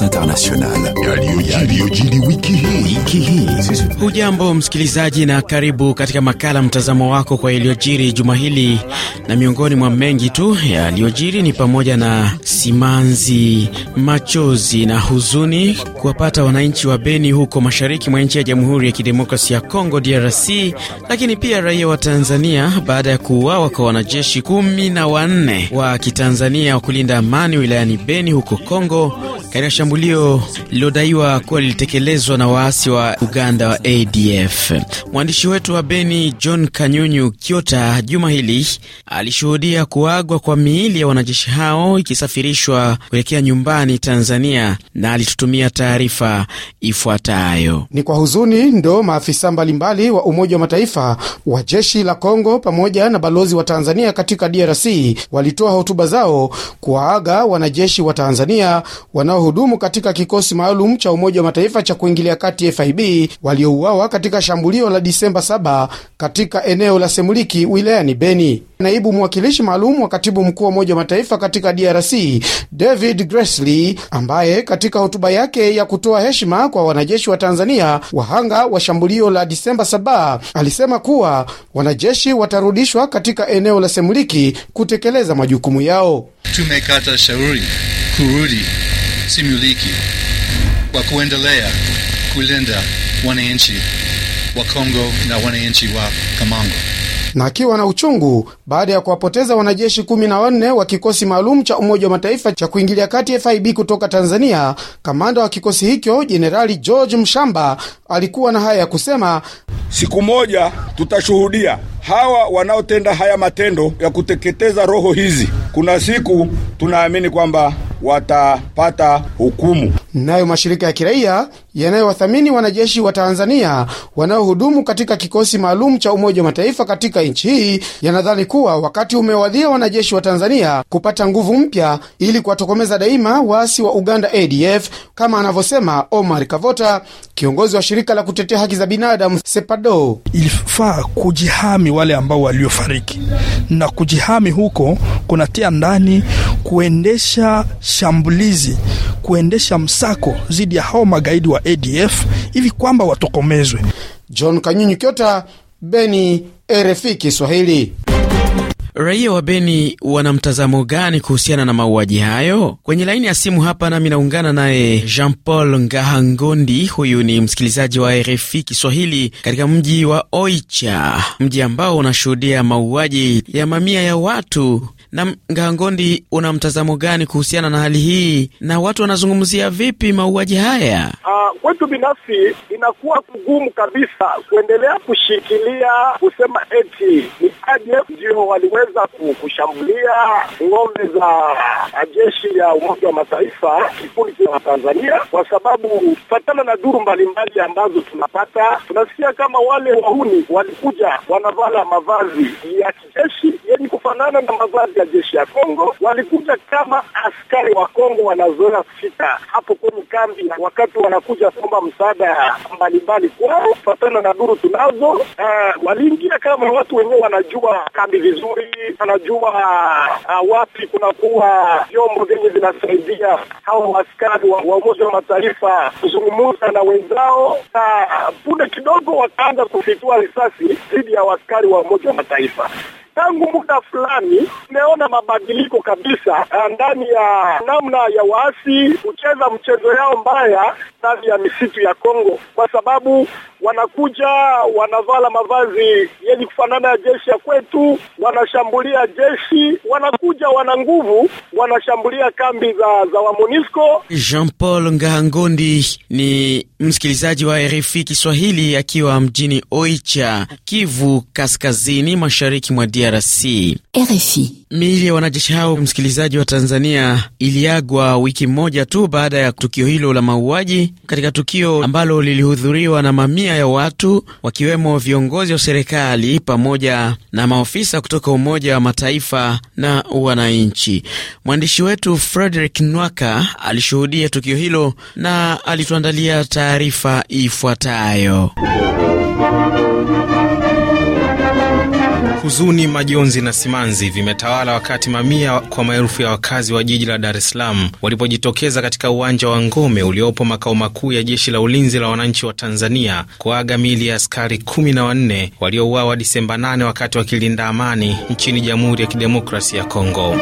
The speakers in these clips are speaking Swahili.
Conférence Internationale Hujambo msikilizaji, na karibu katika makala mtazamo wako kwa yaliyojiri juma hili, na miongoni mwa mengi tu yaliyojiri ni pamoja na simanzi, machozi na huzuni kuwapata wananchi wa Beni huko mashariki mwa nchi ya Jamhuri ya Kidemokrasia ya Kongo DRC, lakini pia raia wa Tanzania baada ya kuuawa kwa wanajeshi kumi na wanne wa Kitanzania wa kulinda amani wilayani Beni huko Kongo katika shambulio lilodaiwa kuwa lilitekelezwa na waasi wa Uganda wa ADF. Mwandishi wetu wa Beni John Kanyunyu kyota juma hili alishuhudia kuagwa kwa miili ya wanajeshi hao ikisafirishwa kuelekea nyumbani Tanzania, na alitutumia taarifa ifuatayo. Ni kwa huzuni ndo maafisa mbalimbali wa Umoja wa Mataifa wa jeshi la Kongo pamoja na balozi wa Tanzania katika DRC walitoa hotuba zao kuwaaga wanajeshi wa Tanzania wanaohudumu waliohudumu katika kikosi maalum cha Umoja wa Mataifa cha kuingilia kati FIB waliouawa katika shambulio la Disemba 7 katika eneo la Semuliki wilayani Beni. Naibu mwakilishi maalum wa katibu mkuu wa Umoja wa Mataifa katika DRC David Gressly, ambaye katika hotuba yake ya kutoa heshima kwa wanajeshi wa Tanzania wahanga wa shambulio la Disemba 7 alisema kuwa wanajeshi watarudishwa katika eneo la Semuliki kutekeleza majukumu yao. Tumekata shauri kurudi simuliki wa kuendelea kulinda wananchi wa Kongo na wananchi wa Kamango. Na akiwa na uchungu baada ya kuwapoteza wanajeshi kumi na wanne wa kikosi maalum cha Umoja wa Mataifa cha kuingilia kati FIB kutoka Tanzania, kamanda wa kikosi hicho Jenerali George Mshamba alikuwa na haya ya kusema: siku moja tutashuhudia hawa wanaotenda haya matendo ya kuteketeza roho hizi. Kuna siku tunaamini kwamba watapata hukumu. Nayo mashirika ya kiraia yanayowathamini wanajeshi wa Tanzania wanaohudumu katika kikosi maalum cha Umoja wa Mataifa katika nchi hii yanadhani kuwa wakati umewadhia wanajeshi wa Tanzania kupata nguvu mpya ili kuwatokomeza daima waasi wa Uganda ADF, kama anavyosema Omar Kavota, kiongozi wa shirika la kutetea haki za binadamu SEPADO. Ilifaa kujihami wale ambao waliofariki, na kujihami huko kunatia ndani kuendesha shambulizi, kuendesha msako dhidi ya hao magaidi wa ADF ili kwamba watokomezwe. John Kanyunyu Kyota, Beni, RFI Kiswahili. Raia wa Beni wana mtazamo gani kuhusiana na mauaji hayo? Kwenye laini ya simu hapa nami naungana naye Jean Paul Ngahangondi. Huyu ni msikilizaji wa RFI Kiswahili katika mji wa Oicha, mji ambao unashuhudia mauaji ya mamia ya watu na Ngangondi, una mtazamo gani kuhusiana na hali hii na watu wanazungumzia vipi mauaji haya? Uh, kwetu binafsi inakuwa kugumu kabisa kuendelea kushikilia kusema eti ni aje ndio waliweza kushambulia ng'ombe za jeshi ya Umoja wa Mataifa kikundi cha Watanzania, kwa sababu kufatana na duru mbalimbali ambazo tunapata tunasikia kama wale wahuni walikuja wanavala mavazi ya kijeshi yenye kufanana na mavazi ya katika jeshi ya Kongo walikuja kama askari wa Kongo wanazoea kufika hapo kwenye kambi, wakati wanakuja kuomba msaada mbalimbali kwao, patana na duru tunazo uh, waliingia kama watu wenyewe wanajua kambi vizuri, wanajua uh, wapi kunakuwa vyombo vyenye vinasaidia hao askari wa, wa Umoja wa Mataifa kuzungumza na wenzao, na punde kidogo wakaanza kufitua risasi dhidi ya askari wa Umoja wa Mataifa tangu muda fulani tumeona mabadiliko kabisa ah, ndani ya namna ya waasi kucheza mchezo yao mbaya ndani ya misitu ya Kongo, kwa sababu wanakuja wanavala mavazi yenye kufanana ya jeshi ya kwetu, wanashambulia jeshi, wanakuja wana nguvu, wanashambulia kambi za, za wamonisco. Jean Paul Ngahangondi ni msikilizaji wa RFI Kiswahili akiwa mjini Oicha, Kivu Kaskazini, mashariki mwa DRC. RFI. Miili ya wanajeshi hao, msikilizaji wa Tanzania, iliagwa wiki moja tu baada ya tukio hilo la mauaji, katika tukio ambalo lilihudhuriwa na mamia mamia ya watu wakiwemo viongozi wa serikali pamoja na maofisa kutoka Umoja wa Mataifa na wananchi. Mwandishi wetu Frederick Nwaka alishuhudia tukio hilo na alituandalia taarifa ifuatayo. Huzuni, majonzi na simanzi vimetawala wakati mamia kwa maelfu ya wakazi wa jiji la Dar es Salaam walipojitokeza katika uwanja wa Ngome uliopo makao makuu ya Jeshi la Ulinzi la Wananchi wa Tanzania kuaga miili ya askari kumi na wanne waliouawa Disemba 8 wakati wakilinda amani nchini Jamhuri ya Kidemokrasia ya Kongo.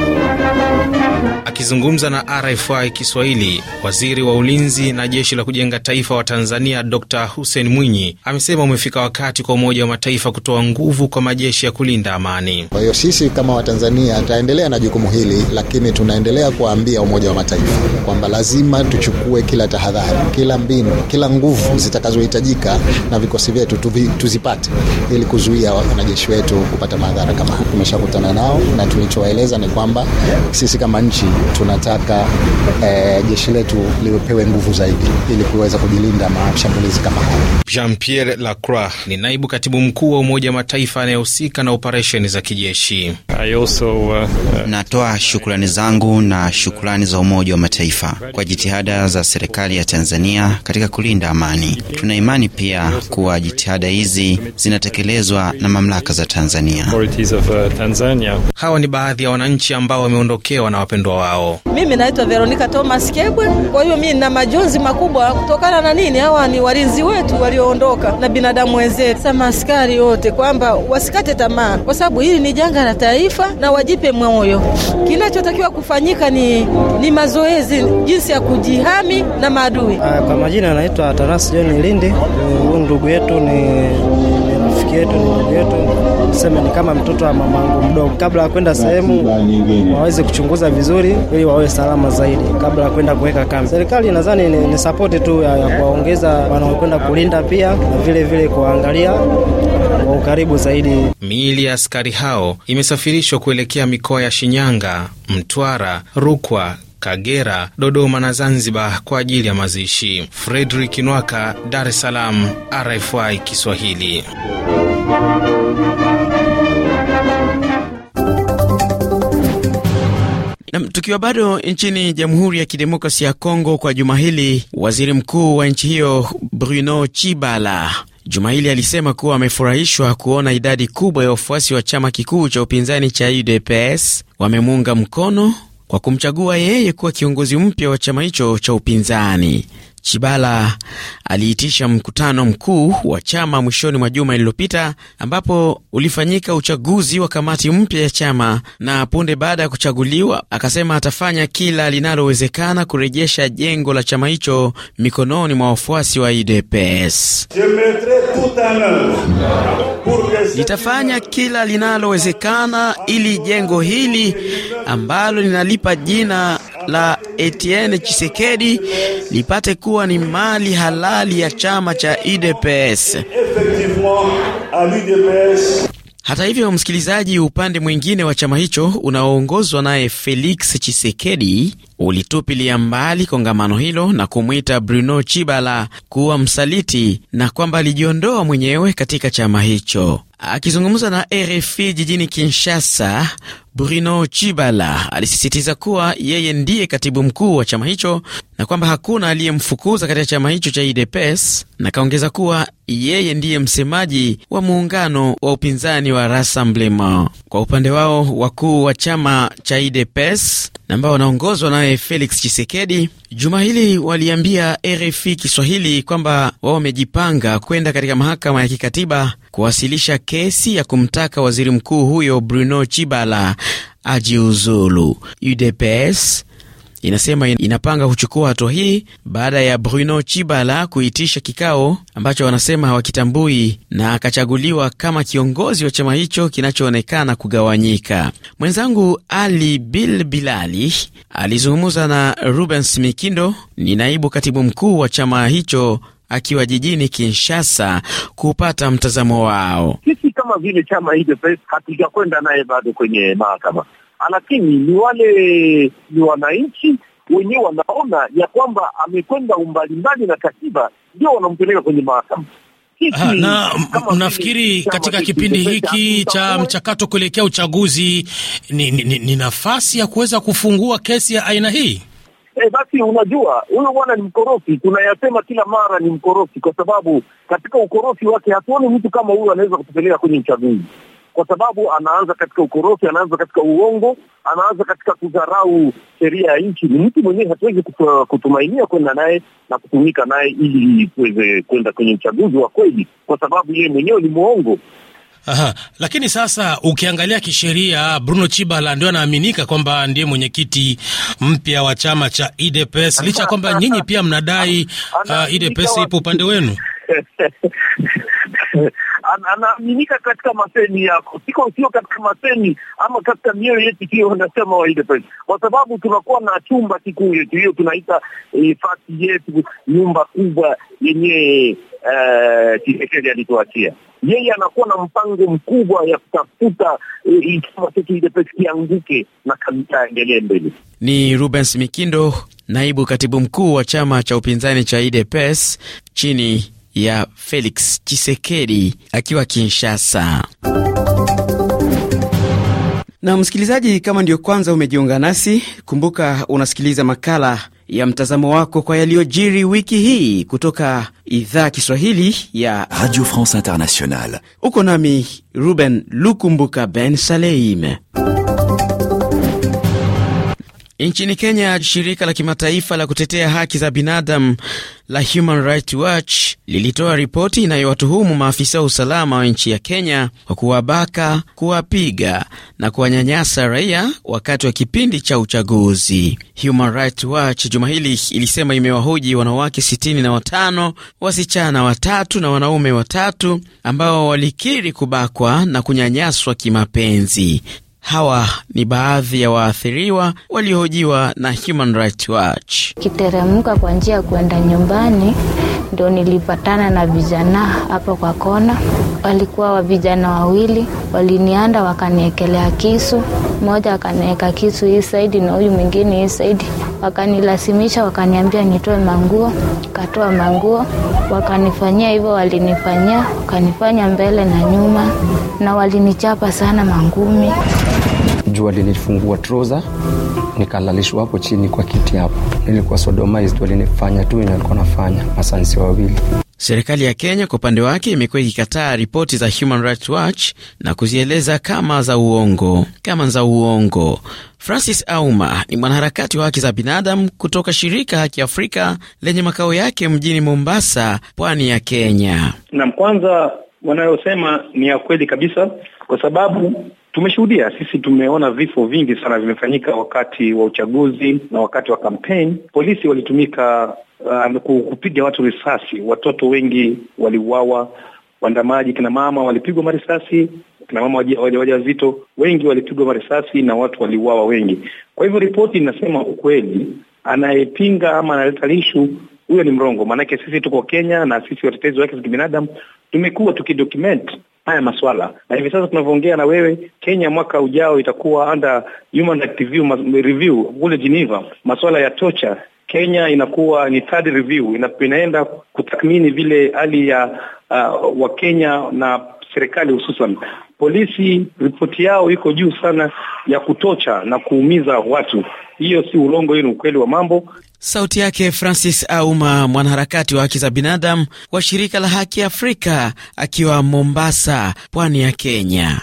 Akizungumza na RFI Kiswahili, waziri wa ulinzi na jeshi la kujenga taifa wa Tanzania Dr Hussein Mwinyi amesema umefika wakati kwa Umoja wa Mataifa kutoa nguvu kwa majeshi ya kulinda amani. Kwa hiyo sisi kama Watanzania tutaendelea na jukumu hili, lakini tunaendelea kuwaambia Umoja wa Mataifa kwamba lazima tuchukue kila tahadhari, kila mbinu, kila nguvu zitakazohitajika na vikosi vyetu tuzipate, ili kuzuia wanajeshi wetu kupata madhara kama Tumeshakutana nao na tulichowaeleza ni kwamba sisi kama nchi tunataka eh, jeshi letu lipewe nguvu zaidi ili kuweza kujilinda mashambulizi kama haya. Jean Pierre Lacroix ni naibu katibu mkuu wa Umoja wa Mataifa anayehusika na operesheni za kijeshi. Also, uh, uh, natoa shukrani zangu na shukrani za Umoja wa Mataifa kwa jitihada za serikali ya Tanzania katika kulinda amani. Tuna imani pia kuwa jitihada hizi zinatekelezwa na mamlaka za Tanzania. Uh, Hawa ni baadhi ya wananchi ambao wameondokewa na wapendwa wapendwa wao. Mimi naitwa veronika Thomas Kebwe. Kwa hiyo mi nina majonzi makubwa kutokana na nini, hawa ni walinzi wetu walioondoka na binadamu wenzetu, sama askari wote, kwamba wasikate tamaa, kwa sababu hili ni janga la taifa na wajipe moyo. Kinachotakiwa kufanyika ni, ni mazoezi jinsi ya kujihami na maadui. Ah, kwa majina anaitwa Tarasi John Lindi. Huyu ndugu yetu ni rafiki yetu, ni ndugu yetu tuseme ni kama mtoto wa mamangu mdogo. Kabla ya kwenda sehemu, waweze kuchunguza vizuri, ili wawe salama zaidi kabla ya kwenda kuweka kambi. Serikali nadhani ni, ni sapoti tu ya, ya kuwaongeza wanaokwenda kulinda, pia na vile vile kuwaangalia kwa ukaribu zaidi. Miili ya askari hao imesafirishwa kuelekea mikoa ya Shinyanga, Mtwara, Rukwa, Kagera, Dodoma na Zanzibar kwa ajili ya mazishi. Fredrick Nwaka, Dar es Salaam, RFI Kiswahili. Na tukiwa bado nchini Jamhuri ya Kidemokrasia ya Kongo, kwa juma hili waziri mkuu wa nchi hiyo Bruno Chibala juma hili alisema kuwa amefurahishwa kuona idadi kubwa ya wafuasi wa chama kikuu cha upinzani cha UDPS wamemuunga mkono kwa kumchagua yeye kuwa kiongozi mpya wa chama hicho cha upinzani. Chibala aliitisha mkutano mkuu wa chama mwishoni mwa juma lililopita, ambapo ulifanyika uchaguzi wa kamati mpya ya chama, na punde baada ya kuchaguliwa akasema atafanya kila linalowezekana kurejesha jengo la chama hicho mikononi mwa wafuasi wa UDPS. Nitafanya kila linalowezekana ili jengo hili ambalo linalipa jina la Etienne Chisekedi lipate ku kuwa ni mali halali ya chama cha UDPS. Hata hivyo, msikilizaji, upande mwingine wa chama hicho unaoongozwa naye Felix Chisekedi ulitupilia mbali kongamano hilo na kumwita Bruno Chibala kuwa msaliti na kwamba alijiondoa mwenyewe katika chama hicho. Akizungumza na RFI jijini Kinshasa, Bruno Chibala alisisitiza kuwa yeye ndiye katibu mkuu wa chama hicho na kwamba hakuna aliyemfukuza katika chama hicho cha UDPS, na kaongeza kuwa yeye ndiye msemaji wa muungano wa upinzani wa Rassemblement. Kwa upande wao wakuu wa chama cha UDPS ambao wanaongozwa naye naye Felix Chisekedi juma hili waliambia RFI Kiswahili kwamba wao wamejipanga kwenda katika mahakama ya kikatiba kuwasilisha kesi ya kumtaka waziri mkuu huyo Bruno Chibala ajiuzulu. UDPS inasema inapanga kuchukua hatua hii baada ya Bruno Chibala kuitisha kikao ambacho wanasema hawakitambui na akachaguliwa kama kiongozi wa chama hicho kinachoonekana kugawanyika. Mwenzangu Ali Bil Bilali alizungumza na Rubens Mikindo, ni naibu katibu mkuu wa chama hicho akiwa jijini Kinshasa kupata mtazamo wao. Sisi kama vile chama hivyo hatujakwenda naye bado kwenye mahakama, lakini ni wale ni wananchi wenyewe wanaona ya kwamba amekwenda umbali mbali na katiba, ndio wanampeleka kwenye mahakama. Ha, na mnafikiri katika kipindi hiki cha mchakato kuelekea uchaguzi ni, ni, ni nafasi ya kuweza kufungua kesi ya aina hii? E, basi unajua huyo bwana ni mkorofi, tunayasema kila mara ni mkorofi, kwa sababu katika ukorofi wake hatuoni mtu kama huyu anaweza kutupeleka kwenye uchaguzi kwa sababu anaanza katika ukorofi, anaanza katika uongo, anaanza katika kudharau sheria ya nchi. Ni mtu mwenyewe hatuwezi kutumainia kwenda naye na kutumika naye ili tuweze kwenda kwenye uchaguzi wa kweli, kwa sababu yeye mwenyewe ni mwongo. Aha, lakini sasa ukiangalia kisheria Bruno Chibala ndio anaaminika kwamba ndiye mwenyekiti mpya wa chama cha UDPS licha kwamba nyinyi pia mnadai uh, ipo upande wenu anaaminika katika maseni yako, siko sio katika maseni ama katika mioyo yetu, sio wanasema waile kwa sababu tunakuwa na chumba kikuu yetu, hiyo tunaita hifadhi eh, yetu, nyumba kubwa yenyewe eh, Uh, alituachia yeye, anakuwa na mpango mkubwa ya kutafuta chama eh, chetu kianguke na kabisa endelee mbele. Ni Rubens Mikindo, naibu katibu mkuu wa chama cha upinzani cha UDPS chini ya Felix Chisekedi akiwa Kinshasa. Na msikilizaji, kama ndiyo kwanza umejiunga nasi, kumbuka unasikiliza makala ya mtazamo wako kwa yaliyojiri wiki hii kutoka idhaa Kiswahili ya Radio France Internationale. Uko nami Ruben Lukumbuka Ben saleime Nchini Kenya, shirika la kimataifa la kutetea haki za binadamu la Human Rights Watch lilitoa ripoti inayowatuhumu maafisa wa usalama wa nchi ya Kenya kwa kuwabaka, kuwapiga na kuwanyanyasa raia wakati wa kipindi cha uchaguzi. Human Rights Watch juma hili ilisema imewahoji wanawake 65, wasichana watatu na wanaume watatu ambao walikiri kubakwa na kunyanyaswa kimapenzi. Hawa ni baadhi ya waathiriwa waliohojiwa na Human Rights Watch. Kiteremka kwa njia ya kuenda nyumbani, ndo nilipatana na vijana hapo kwa kona. Walikuwa wa vijana wawili, walinianda wakaniekelea kisu, mmoja akaniweka kisu hii saidi na huyu mwingine hii saidi, wakanilazimisha wakaniambia nitoe manguo, katoa manguo, wakanifanyia hivyo, walinifanyia, wakanifanya mbele na nyuma, na walinichapa sana mangumi jua lilifungua troza nikalalishwa hapo chini kwa kiti hapo. Nilikuwa sodomized, walinifanya tu na alikuwa nafanya masansi wawili. Serikali ya Kenya kwa upande wake imekuwa ikikataa ripoti za Human Rights Watch na kuzieleza kama za uongo kama za uongo. Francis Auma ni mwanaharakati wa haki za binadamu kutoka shirika Haki Afrika lenye makao yake mjini Mombasa, pwani ya Kenya. Naam, kwanza wanayosema ni ya kweli kabisa, kwa sababu Tumeshuhudia sisi, tumeona vifo vingi sana vimefanyika wakati wa uchaguzi na wakati wa kampeni. Polisi walitumika uh, kupiga watu risasi, watoto wengi waliuawa, waandamaji, kina mama walipigwa marisasi, kina mama wajawazito wengi walipigwa marisasi na watu waliuawa wengi. Kwa hivyo ripoti inasema ukweli, anayepinga ama analeta lishu huyo ni mrongo. Maanake sisi tuko Kenya na sisi watetezi wake za kibinadamu tumekuwa tukidokument haya maswala, na hivi sasa tunavyoongea na wewe, Kenya mwaka ujao itakuwa under human review, review kule Geneva, maswala ya tocha Kenya inakuwa ni third review, inaenda kutathmini vile hali ya uh, Wakenya na serikali hususan polisi, ripoti yao iko juu sana ya kutocha na kuumiza watu. Hiyo si ulongo, hiyo ni ukweli wa mambo. Sauti yake Francis Auma, mwanaharakati wa haki za binadamu wa shirika la Haki Afrika, akiwa Mombasa, pwani ya Kenya.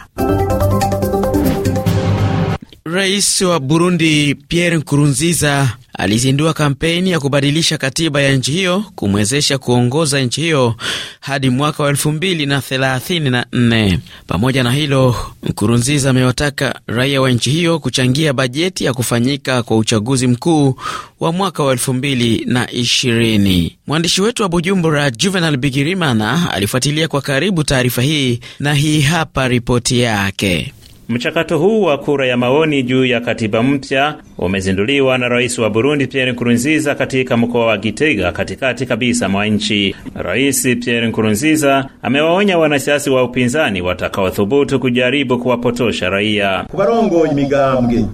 Rais wa Burundi Pierre Nkurunziza alizindua kampeni ya kubadilisha katiba ya nchi hiyo kumwezesha kuongoza nchi hiyo hadi mwaka wa 2034. Pamoja na hilo, Nkurunziza amewataka raia wa nchi hiyo kuchangia bajeti ya kufanyika kwa uchaguzi mkuu wa mwaka wa 2020. Mwandishi wetu wa Bujumbura Juvenal Bigirimana alifuatilia kwa karibu taarifa hii na hii hapa ripoti yake. Mchakato huu wa kura ya maoni juu ya katiba mpya umezinduliwa na rais wa Burundi Pierre Nkurunziza katika mkoa wa Gitega katikati kabisa mwa nchi. Rais Pierre Nkurunziza amewaonya wanasiasa wa upinzani watakaothubutu kujaribu kuwapotosha raia.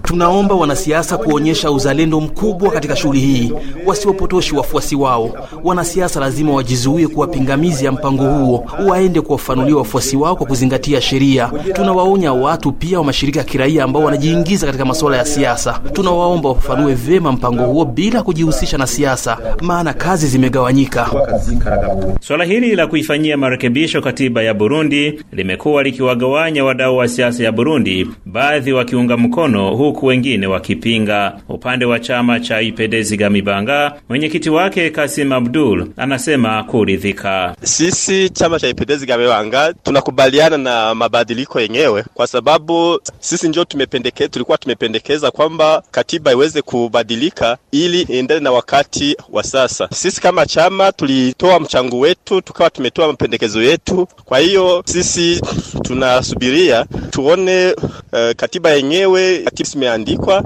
Tunaomba wanasiasa kuonyesha uzalendo mkubwa katika shughuli hii, wasiwapotoshi wafuasi wao. Wanasiasa lazima wajizuie kuwa pingamizi ya mpango huo, waende kuwafanulia wafuasi wao kwa kuzingatia sheria. Tunawaonya watu pia wa mashirika ya kiraia ambao wanajiingiza katika masuala ya siasa. Tuna tunawaomba wafafanue vyema mpango huo bila kujihusisha na siasa, maana kazi zimegawanyika. Swala hili la kuifanyia marekebisho katiba ya Burundi limekuwa likiwagawanya wadau wa siasa ya Burundi, baadhi wakiunga mkono huku wengine wakipinga. Upande wa chama cha Gamibanga, mwenyekiti wake Kasim Abdul anasema kuridhika. Sisi chama cha Gamibanga tunakubaliana na mabadiliko yenyewe, kwa sababu sisi ndio tulikuwa tumependekeza kwamba katiba iweze kubadilika ili iendane na wakati wa sasa. Sisi kama chama tulitoa mchango wetu, tukawa tumetoa mapendekezo yetu. Kwa hiyo sisi tunasubiria tuone, uh, katiba yenyewe imeandikwa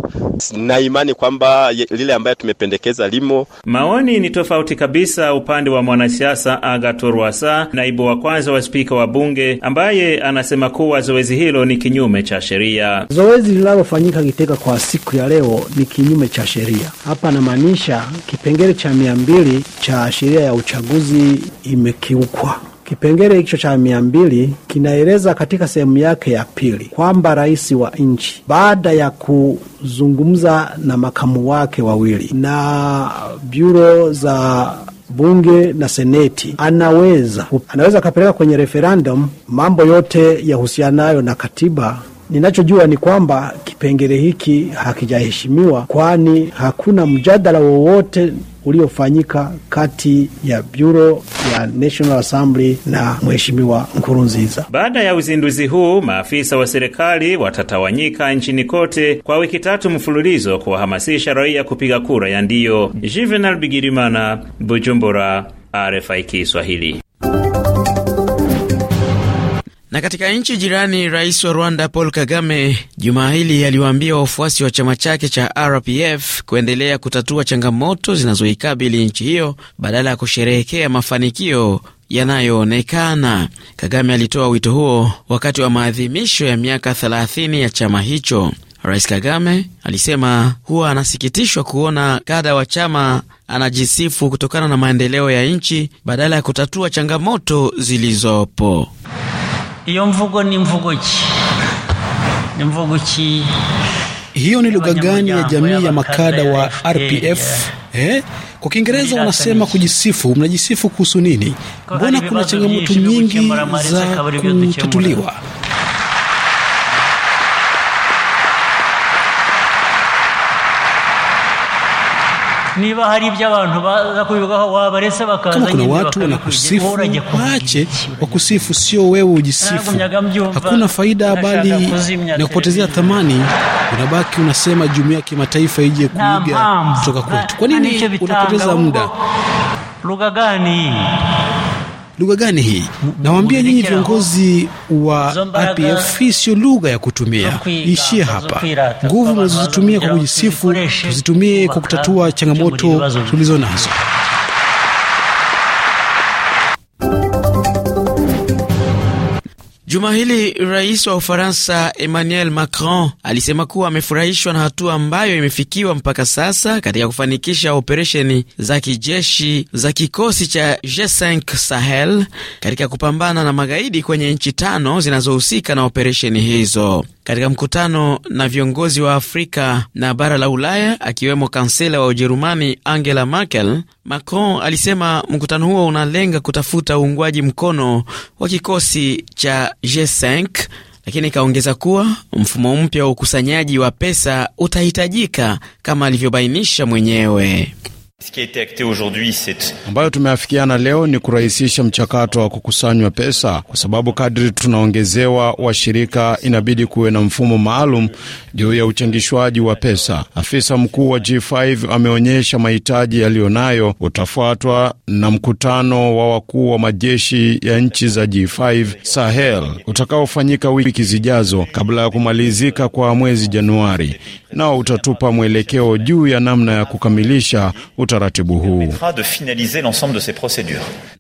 na imani kwamba lile ambayo tumependekeza limo. Maoni ni tofauti kabisa upande wa mwanasiasa agato Rwasa, naibu wa kwanza wa spika wa bunge, ambaye anasema kuwa zoezi hilo ni kinyume cha sheria. Zoezi linalofanyika Kiteka kwa siku ya leo hiyo ni kinyume cha sheria. Hapa anamaanisha kipengele cha mia mbili cha sheria ya uchaguzi imekiukwa. Kipengele hicho cha mia mbili kinaeleza katika sehemu yake ya pili kwamba rais wa nchi baada ya kuzungumza na makamu wake wawili na byuro za bunge na seneti anaweza anaweza akapeleka kwenye referendum mambo yote yahusianayo na katiba Ninachojua ni kwamba kipengele hiki hakijaheshimiwa, kwani hakuna mjadala wowote uliofanyika kati ya Bureau ya National Assembly na Mheshimiwa Nkurunziza. Baada ya uzinduzi huu, maafisa wa serikali watatawanyika nchini kote kwa wiki tatu mfululizo kuwahamasisha raia kupiga kura ya ndiyo. Juvenal Bigirimana, Bujumbura, RFI Kiswahili. Na katika nchi jirani, rais wa Rwanda Paul Kagame jumaa hili aliwaambia wafuasi wa chama chake cha RPF kuendelea kutatua changamoto zinazoikabili nchi hiyo badala ya kusherehekea mafanikio yanayoonekana. Kagame alitoa wito huo wakati wa maadhimisho ya miaka 30 ya chama hicho. Rais Kagame alisema huwa anasikitishwa kuona kada wa chama anajisifu kutokana na maendeleo ya nchi badala ya kutatua changamoto zilizopo iyo mvugo ni mvugo ki ni mvugo ki hiyo ni lugha gani ya jamii ya makada wa rpf eh? kwa kiingereza wanasema kujisifu mnajisifu kuhusu nini mbona kuna changamoto nyingi za kutatuliwa Kama kuna watu wanakusifu waache wakusifu, sio wewe ujisifu. Hakuna faida, bali na kupotezea thamani. Unabaki unasema jumuiya ya kimataifa ije kuiga kutoka kwetu. Kwa nini unapoteza muda? lugha gani? Lugha gani hii? Nawaambia nyinyi viongozi wa RPF, hii siyo lugha ya kutumia. Ishie hapa. Nguvu mnazozitumia kwa kujisifu, tuzitumie kwa kutatua changamoto tulizo nazo. Juma hili rais wa Ufaransa Emmanuel Macron alisema kuwa amefurahishwa na hatua ambayo imefikiwa mpaka sasa katika kufanikisha operesheni za kijeshi za kikosi cha G5 Sahel katika kupambana na magaidi kwenye nchi tano zinazohusika na operesheni hizo katika mkutano na viongozi wa Afrika na bara la Ulaya akiwemo kansela wa Ujerumani Angela Merkel, Macron alisema mkutano huo unalenga kutafuta uungwaji mkono wa kikosi cha G5, lakini ikaongeza kuwa mfumo mpya wa ukusanyaji wa pesa utahitajika kama alivyobainisha mwenyewe ambayo tumeafikiana leo ni kurahisisha mchakato wa kukusanywa pesa, kwa sababu kadri tunaongezewa washirika, inabidi kuwe na mfumo maalum juu ya uchangishwaji wa pesa. Afisa mkuu wa G5 ameonyesha mahitaji yaliyonayo, utafuatwa na mkutano wa wakuu wa majeshi ya nchi za G5 Sahel utakaofanyika wiki zijazo kabla ya kumalizika kwa mwezi Januari, nao utatupa mwelekeo juu ya namna ya kukamilisha utaratibu huu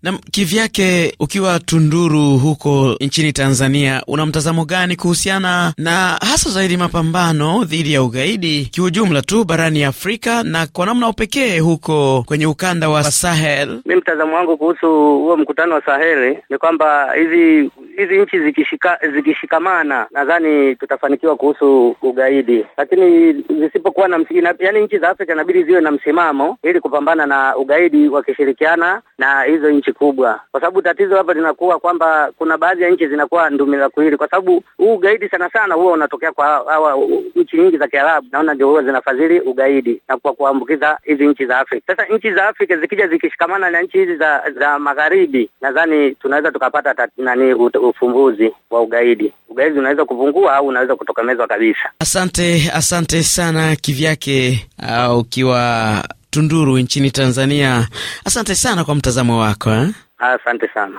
na kivyake. Ukiwa Tunduru huko nchini Tanzania, una mtazamo gani kuhusiana na hasa zaidi mapambano dhidi ya ugaidi kiujumla tu barani Afrika na kwa namna upekee huko kwenye ukanda wa Sahel? Mi mtazamo wangu kuhusu huo mkutano wa Sahel ni kwamba hizi hizi nchi zikishika, zikishikamana nadhani tutafanikiwa kuhusu ugaidi, lakini zisipokuwa na ina, yani nchi za Afrika inabidi ziwe na msimamo ili kupambana na ugaidi wakishirikiana na hizo nchi kubwa, kwa sababu tatizo hapa linakuwa kwamba kuna baadhi ya nchi zinakuwa ndumila kuili, kwa sababu huu ugaidi sana sana huwa unatokea kwa hawa nchi nyingi za Kiarabu, naona ndio huwa zinafadhili ugaidi na kwa kuambukiza hizi nchi za Afrika. Sasa nchi za Afrika zikija zikishikamana na nchi hizi za, za magharibi, nadhani tunaweza tukapata tat, nani ufumbuzi wa ugaidi. Ugaidi unaweza kupungua au unaweza kutokomezwa kabisa. Asante, asante sana kivyake, uh, ukiwa Tunduru nchini Tanzania. Asante sana kwa mtazamo wako eh? Asante sana.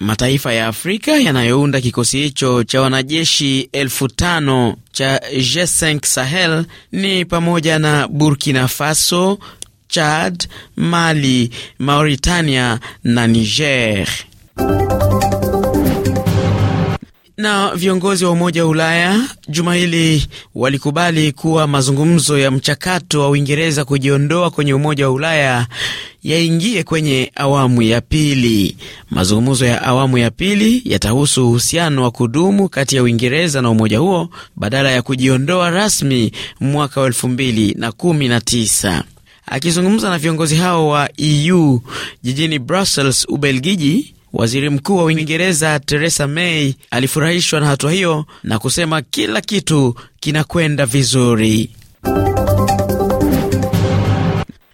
Mataifa ya Afrika yanayounda kikosi hicho cha wanajeshi elfu tano cha G5 Sahel ni pamoja na Burkina Faso, Chad, Mali, Mauritania na Niger na viongozi wa Umoja wa Ulaya juma hili walikubali kuwa mazungumzo ya mchakato wa Uingereza kujiondoa kwenye Umoja wa Ulaya yaingie kwenye awamu ya pili. Mazungumzo ya awamu ya pili yatahusu uhusiano wa kudumu kati ya Uingereza na umoja huo badala ya kujiondoa rasmi mwaka wa elfu mbili na kumi na tisa. Akizungumza na viongozi hao wa EU jijini Brussels, Ubelgiji, Waziri Mkuu wa Uingereza Theresa May alifurahishwa na hatua hiyo na kusema kila kitu kinakwenda vizuri.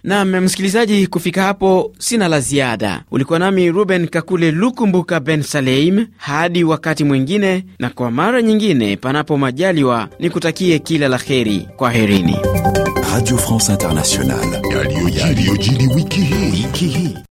Nam msikilizaji, kufika hapo sina la ziada. Ulikuwa nami Ruben Kakule Lukumbuka Ben Saleim, hadi wakati mwingine, na kwa mara nyingine, panapo majaliwa, ni kutakie kila la heri. Kwa herini. Radio France Internationale, yaliyojiri wiki hii.